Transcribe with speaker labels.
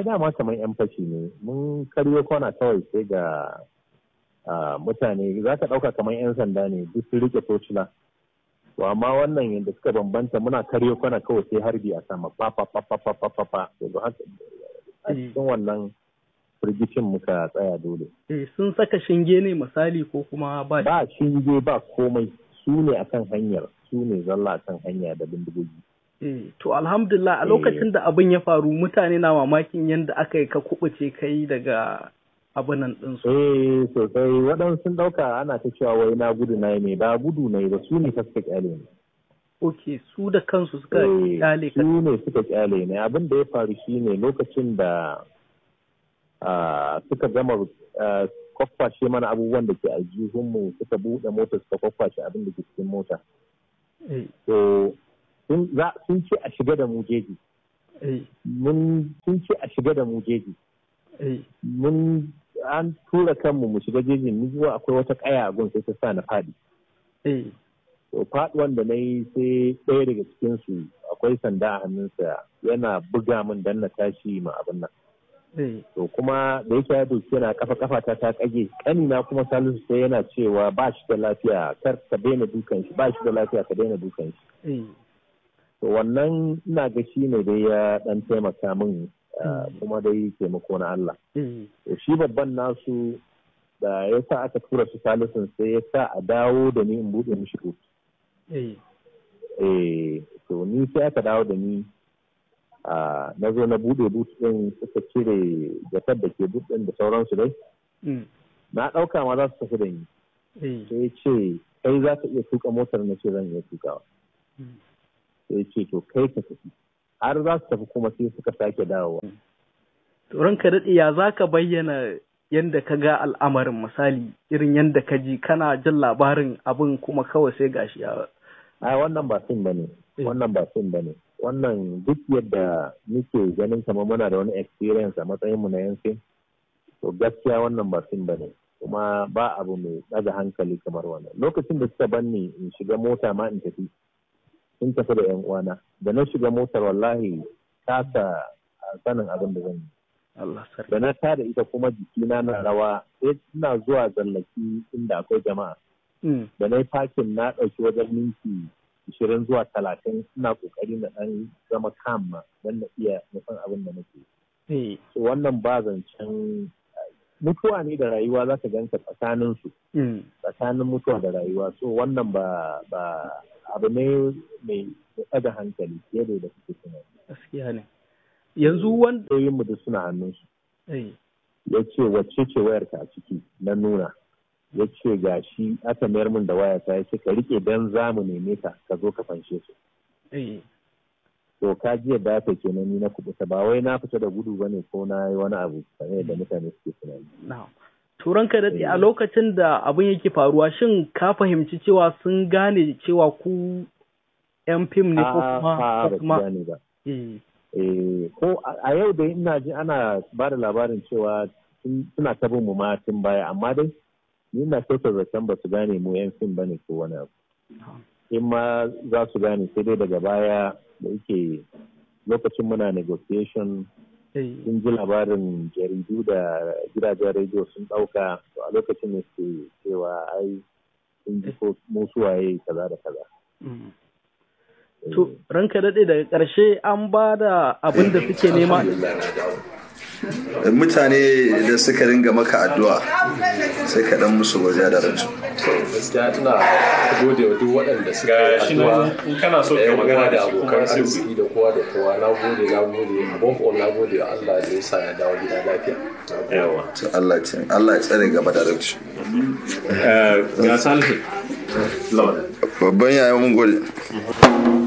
Speaker 1: ai dama kamar yan fashi ne mun karyo kwana kawai sai ga mutane za ka ɗauka kamar yan sanda ne duk sun rike tocila to amma wannan yadda suka bambanta muna karyo kwana kawai sai harbi a sama
Speaker 2: fa-fa-fa-fa-fa-fa pa a hmm. cikin wannan firgicin muka tsaya dole. Eh, sun saka shinge ne misali ko kuma ba ba shinge ba komai su ne akan hanyar su ne zalla akan hanya da bindigogi. Mm. To alhamdulillah a eh. lokacin da abin ya faru mutane na mamakin yadda aka yi ka kubuce kai daga abunan ɗinsu. Eh sosai waɗansu ɗauka ana ta cewa wai na gudu na ne ba gudu na
Speaker 1: ba su ne suka kyale ne.
Speaker 2: Ok su da kansu suka
Speaker 1: kyale eh, ka. Su ne suka kyale ne abin da ya faru shi ne lokacin da suka gama kwakwashe mana abubuwan da ke mu suka buɗe mota suka kwakwashe abin da ke cikin mota. Eh. To sun ce a shiga da mu eh. mun sun ce a shiga da mu eh. mun an tura kanmu mu shiga jejin mu zuwa akwai wata kaya a gun ta sa na faɗi eh. to faɗuwan da na yi sai ɗaya daga cikinsu akwai sanda a hannunsa yana buga min dan na tashi ma abin
Speaker 2: nan
Speaker 1: to kuma da yake ya doki yana kafa kafa ta ta kage kanina kuma salisu sai yana cewa ba shi da lafiya kar ka daina dukan shi ba shi da lafiya ka daina dukan shi to wannan ina ga shi ne dai ya dan taimaka min eh, mm. kuma dai taimako na Allah mm. to shi babban nasu da ya sa aka tura su salisun sai ya sa a dawo da ni in buɗe mishi rubutu eh. Eh, to ni sai aka dawo da ni na zo na buɗe butu ɗin suka cire jakar da ke butu da sauransu dai mm. na ɗauka ma za su tafi da ni sai ce kai za ka iya tuka motar na ce zan iya tukawa sai ce to kai ka tafi har za su tafi kuma sai suka sake dawowa.
Speaker 2: Turan ka daɗe ya za ka bayyana yadda ka ga al'amarin misali irin yadda ka ji kana jin labarin abin kuma kawai sai gashi ya. A wannan ba sun ba eh. wannan ba sun ba Wannan duk yadda
Speaker 1: muke ganin kamar muna da wani experience a matsayinmu na yan sin, to gaskiya wannan ba sun ba Kuma ba abu mai ɗaga hankali kamar wannan. Lokacin da suka banni in shiga mota ma in tafi, sun tafi da yan uwana da na shiga motar wallahi kasa sanin abin da zan
Speaker 2: yi da na
Speaker 1: tada ita kuma jikina na rawa sai ina zuwa zallaki inda akwai jama'a mm. da na yi fakin na ɗauki wajen minti ishirin zuwa talatin suna kokari na ɗan zama kama don na iya nufin abin da nake eh. so wannan ba zancen mutuwa ne da rayuwa za ka ganka tsakanin su mm. tsakanin mutuwa da rayuwa so wannan ba ba abu ne mai ɗaga hankali fiye da suke tunani. Gaskiya ne. Yanzu wanda yin mu da suna hannun su. Eh. Ya ce wacce ce ka a ciki na nuna. Ya ce ga shi aka mayar min da wayata ya ce ka rike dan za mu neme ka ka zo ka fanshe su. Eh. To ka jiya yadda aka ke ni na kuɓuta ba wai na fita da gudu ba ne ko na yi wani abu kamar da mm. mutane
Speaker 2: suke tunani. turan ka daɗe a mm. lokacin da abin yake faruwa shin ka fahimci cewa sun gane cewa ku yan fim ne ko ah, kuma ah,
Speaker 1: eh. Eh, ko a yau da ina ji ana ba da labarin cewa suna ta mu ma tun baya amma dai ni na so zaton ba su gane mu yan fim bane ko wani abu in ma za su gane sai dai daga baya da yake lokacin muna negotiation
Speaker 2: sun eh. ji labarin
Speaker 1: jaridu da gidajen rediyo sun ɗauka to a lokacin da suke cewa ai sun ji ko musuwaye
Speaker 2: kaza da kaza. Mm. Eh. To ranka daɗe daga ƙarshe an ba da abin da suke nema. mutane da suka ringa maka addu'a sai ka dan musu waje da rancu gaskiya ina gode wa duk
Speaker 1: waɗanda suka yi addu'a in
Speaker 2: kana so ka magana da abokan arziki da kowa da kowa na gode
Speaker 1: na gode above all na gode wa Allah da ya sa na dawo gida lafiya yawa to Allah ya
Speaker 2: Allah ya tsare gaba da rancu eh, ga salihu babban yayin mun gode